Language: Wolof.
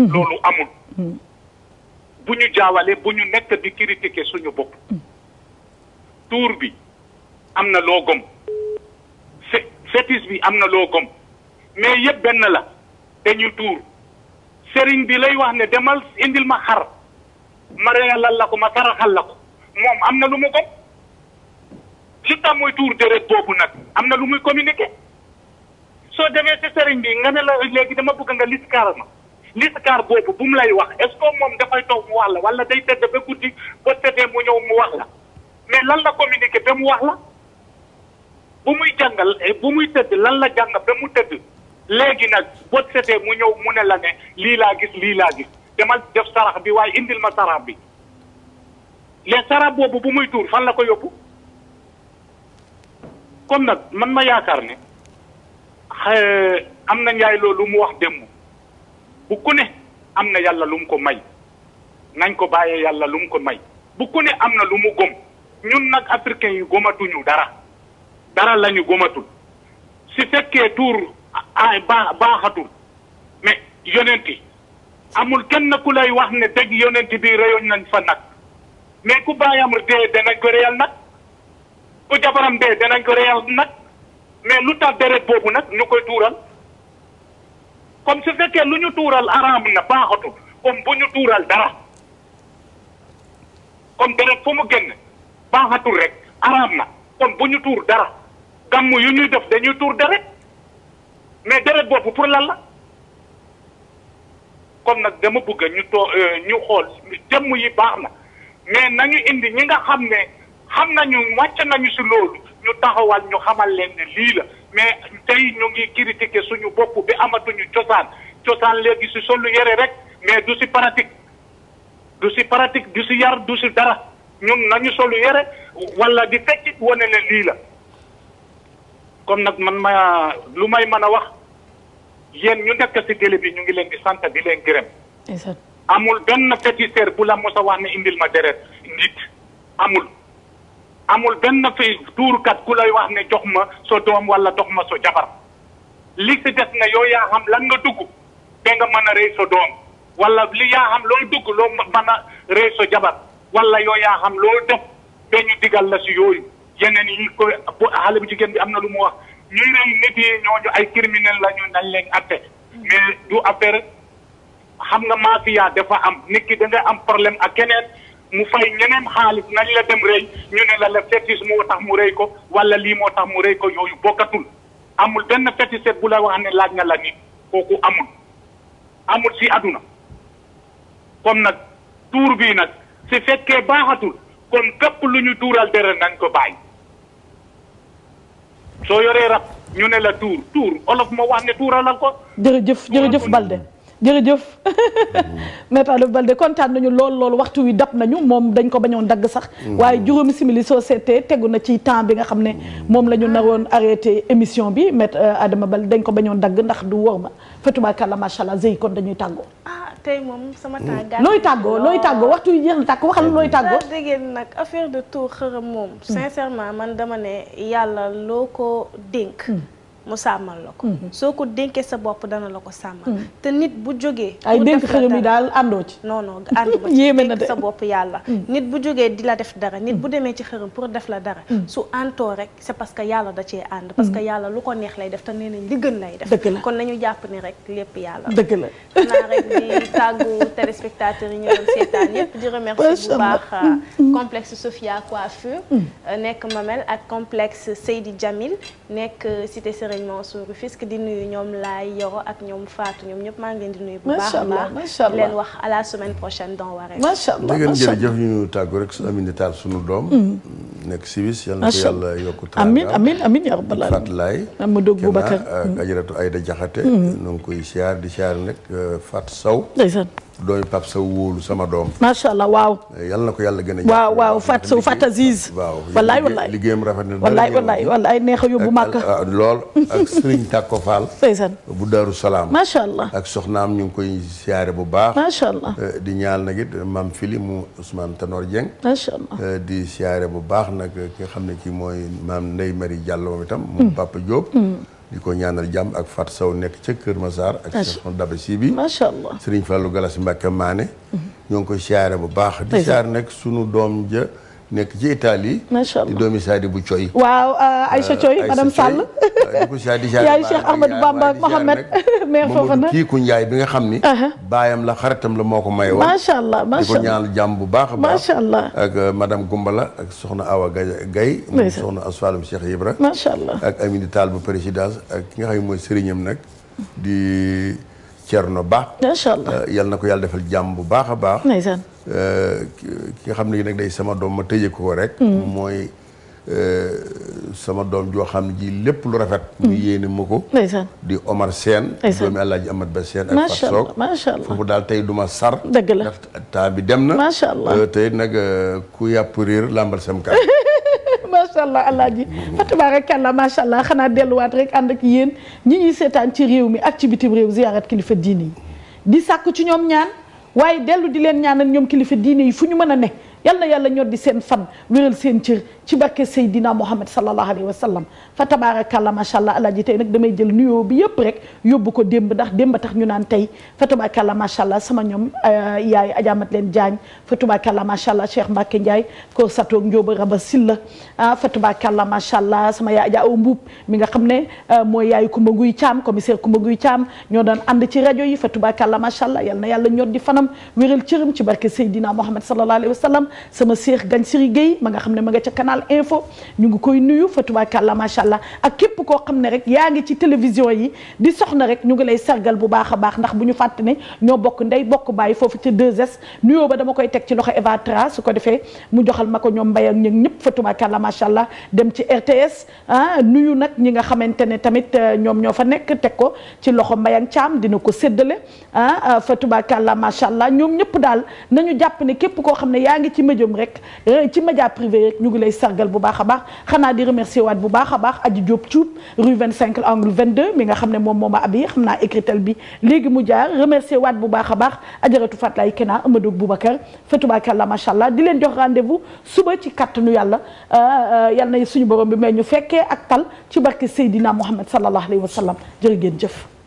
Mm-hmm. loolu amul. Mm-hmm. bu ñu jaawalee bu ñu nekk di critiquer suñu bopp. Mm-hmm. tuur bi am na loo gom. fe fétis bi am na loo gom. mais yëpp benn la. te ñu tuur. sëriñ bi lay wax ne demal indil ma xar. ma reyalal la la ko ma taraxal la ko. moom am na lu mu gom. li tax mooy tuur deret boobu nag am na lu muy communiquer. soo demee ci sëriñ bi nga ne la léegi dama bëgg nga liskaaral ma liskaar boobu bu mu lay wax est moom dafay toog mu wax la wala day tëdd ba guddi ba tëddee mu ñëw mu wax la mais lan la communiqué ba mu wax la bu muy jàngal eh, bu muy tëdd lan la jàng ba mu tëdd léegi nag boo setee mu ñëw mu ne la ne lii laa gis lii laa gis demal def sarax bi waaye indil ma sarax bi les sarax boobu bu muy tuur fan la ko yóbbu kon nag man ma yaakaar ne am na njaay loolu mu wax démb bu ku ne am na yàlla lum ko may nañ ko bàyyee yàlla lum ko may bu ku ne am na lu mu gëm ñun nag africain yu gomatuñu dara dara la ñu gomatul si fekkee tuur ay baaxatul mais yonenti amul kenn ku lay wax ne dëgg yonenti bi reyoon nañ fa nag mais ku baayam dee danañ ko reyal nag ku jabaram dee danañ ko reyal nag mais lu tax deret boobu nag ñu koy tuural comme si fekkee lu ñu tuural araam na baaxatul comme bu ñu tuural dara comme dara fu mu génn baaxatul rek araam na comme bu ñu tuur dara gàmm yu ñuy def dañuy tuur deret mais deret boobu pour lan la comme nag dama bëgg ñu too euh, ñu xool jëmm yi baax na mais nañu indi ñi nga xam ne xam nañu wàcc nañu si loolu ñu taxawal ñu xamal leen lii la mais tey ñu ngi critiquer suñu bopp bi amatuñu cosaan cosaan léegi si solu yére rek mais du si pratique du si pratique du si yar du si dara ñun nañu solu yére wala di fecc wone leen lii la comme nag man ma lu may mën a wax yéen ñu nekk si télé bi ñu ngi leen di sant di leen gërëm amul benn féticheur bu la mos a wax ne indil ma deret nit amul amul benn fi tuurkat ku lay wax ne jox ma sa doom wala jox ma sa jabar li si des na yow yaa xam lan nga dugg te nga mën a rey sa doom li yaa xam loo dugg loo mën a rey jabar wala yow yaa xam loo def te ñu digal la si yooyu yeneen yi ko xale bu jigéen bi am na lu mu wax ñuy rey nit ñooñu ay criminel la ñu nañ leen mais du affaire xam nga mafia dafa am nit ki da am problème ak keneen mu fay ñeneen xaalis nañ la dem rëy ñu ne la la fétiche moo tax mu rëy ko wala lii moo tax mu rëy ko yooyu bokkatul amul benn féticheur bu la wax ne laaj na la nit kooku amul amul si àdduna kon nag tuur bii nag si fekkee baaxatul kon képp lu ñu tuural deret nañ ko bàyyi soo yoree rab ñu ne la tuur tuur olof moo wax ne tuuralal ko. jërëjëf jërëjëf Balde. jërëjëf maître Adama Baldé kontaan nañu lool lool waxtu wi dab nañu moom dañ ko bañoon dagg sax mm. waaye juróomi simili société tegu na ci temps bi nga xam ne mm. moom la ñu naroon arrêté émission bi maître euh, Adama Baldé dañ ko bañoon dagg ndax du wóor ma fatubakàlla macha allah zëy kon dañuy tàggoo ah tey moom sama mm. temps looy tàggoo looy tàggoo waxtu wi jeex na tàkk waxal looy tàggoo déggéen nag affaire de tour xërëm moom sincèrement man dama ne yàlla loo ko dénk mu sàmmal la ko. Mhm. soo ko dénkee sa bopp dana la ko sàmmal. Mhm. te nit bu jógee. ay dénk xëyam yi daal àndoo ci. non yàlla. Mhm. nit bu jógee di la def dara. nit bu demee ci xëram pour def la dara. su àndoo rek c'est parce que yàlla da cee ànd. parce que yàlla lu ko neex lay def te nee nañ li gën lay def. kon nañu jàpp ni rek lépp yàlla. dëgg la xanaa rek di tàggu téléspectateurs yi ñu doon seetaan yépp di remercier bu baax. Euh, complexe Sophia Coiffure. Euh, nekk Mamel ak complexe Seydi Djamil nekk euh, Serigne Mansour Rufisque di nuyu ñoom laay yoro ak a baax di leen la semaine prochaine dans Wareef. macha allah macha ñu tàggu rek su Amine Tall sunu doom. Mm. nekk Civis yal na ko yàlla yokk. amiin amiin amiin yaa rabbal aalamiin Fatou Laye. Amadou Boubacar Kenna euh, ak Ajaratu Ayda Jaxate. ñoo mm. koy siyaar di siyaar nag euh, Fatou Sow. doomi Pape sa wóolu sama doom. macha allah waaw. Eh, yal na ko yàlla gën a. waaw waaw Fat Sow Fat Aziz. waaw wallaay wallaay liggéeyam rafet na. wallaay wallaay wallaay neex a yóbbu màkk. lool ak Serigne Tako Fall. bu Daaru Salaam. macha allah ak soxnaam ñu ngi koy siyaare bu baax. macha eh, di ñaal nag it maam Fili mu Ousmane Tanor Dieng. macha allah eh, di siyaare bu baax nag ki nga xam ne kii mooy maam Ndeye Marie Diallo moom itam. Mm. mu Papa Diop. Mm. di ko ñaanal jàmm ak Fatou Sow nekk ca Kër Massar. ak station Dabassi bi macha allah Serigne Fallou Galas Mbacke Maane. Mhm. ñoo ngi koy siyaare bu baax. di siyaare nekk sunu doom ja nekk ci Italie. macha di doomi Saadi bu Coy. waaw euh, Aïcha euh, Coy madame Sall. yaay Cheikh Ahmadou Bamba Mohamed maire foofa na kii ku Njaay bi nga xam ni uh-huh. baayam la xaritam la moo ko may woon macha allah macha allah di ko ñaanal jàmm bu baax macha allah ak uh, madame Gumbala ak soxna Awa Gaye moom soxna asfalum Cheikh Ibra macha allah ak Amini Tall bu présidence ak ki nga xam ne mooy sëriñam nag di Thierno Ba macha allah uh, yal na ko yàlla defal jàmm bu baax a baax ndeysaan uh, ki nga xam ne nag day sama doom ma tëjee ko rek hmm. mooy Euh, sama doom joo xam ji lépp lu rafet. mu mm. yéene ma di Omar Sène. doomi Alaaji Amad Ba Sène ak Fatou foofu daal tey duma sar. dëgg la temps bi dem na. macha allah euh, tey nag euh, ku yàpp réer làmbal sam kàddu. macha allah alaaji mm-hmm. fa tabarakallah macha allah xanaa delluwaat rek ànd ak yéen ñi ñuy seetaan ci réew mi ak ci bitim réew ziyaarat kilifa diine yi di sàkk ci ñoom ñaan waaye dellu di leen ñaanal ñoom kilifa diine yi fu ñu mën a ne yal yàlla ñor di seen fan seen ci barke Seydina Mohamed sallallahu alayhi wa sallam fa tabarakallah macha allah alaaji tey nag damay jël nuyoo bi yëpp rek yóbbu ko démb ndax démb tax ñu naan tey fa tabarakallah macha allah sama ñoom euh, yaay ajaamat leen jaañ fa tabarakallah macha allah Cheikh Mbacke Ndiaye ko satoog Ndioba Raba Silla ah fa tabarakallah macha allah sama yaay Adja Awa Mbuub mi nga xam ne euh, mooy yaay Kumba Guy Caam commissaire Kumba Guy Caam ñoo daan and ci rajo yi fa tabarakallah macha allah yal na yàlla ñor di fanam wéral cëram ci barke Seydina Mohamed sallallahu alayhi wa sallam sama Cheikh Gagne Siri Gueye ma nga xam ne Sénégal Info ñu ngi koy nuyu fa tubaakàlla macha allah ak képp ko xam ne rek yaa ngi ci télévision yi di soxna rek ñu ngi lay sargal bu baax a baax ndax bu ñu fàtte ne ñoo bokk ndey bokk bàyyi foofu ci 2S ba dama koy teg ci loxo Eva su ko defee mu joxal ma ko ñoom mbay ak ñoom ñëpp fa tubaakàlla macha allah dem ci RTS ah nuyu nag ñi nga xamante ne tamit euh, ñoom ñoo fa nekk teg ko ci loxo Mbayang caam dina ko séddale ah euh, fa tubaakàlla macha allah ñoom ñëpp daal nañu jàpp ne képp ko xam ne yaa ngi ci médium rek euh, ci média privé rek ñu ngi lay sargal bu baax a baax xanaa di remercier waat bu baax a baax aji Diop Thioub rue 25 angle 22 mi nga xam ne moom moo ma ab yi xam naa écritel bi léegi mu jaar remercier waat bu baax a baax ajaratu Fatlaye Kena Amadou Boubacar fatubakàlla macha allah di leen jox rendez-vous suba ci kattanu yàlla euh, euh, yal na suñu borom bi may ñu fekkee ak tal ci barke Seydina Mouhamed sallallahu alayhi wa sallam jërë ngeen jëf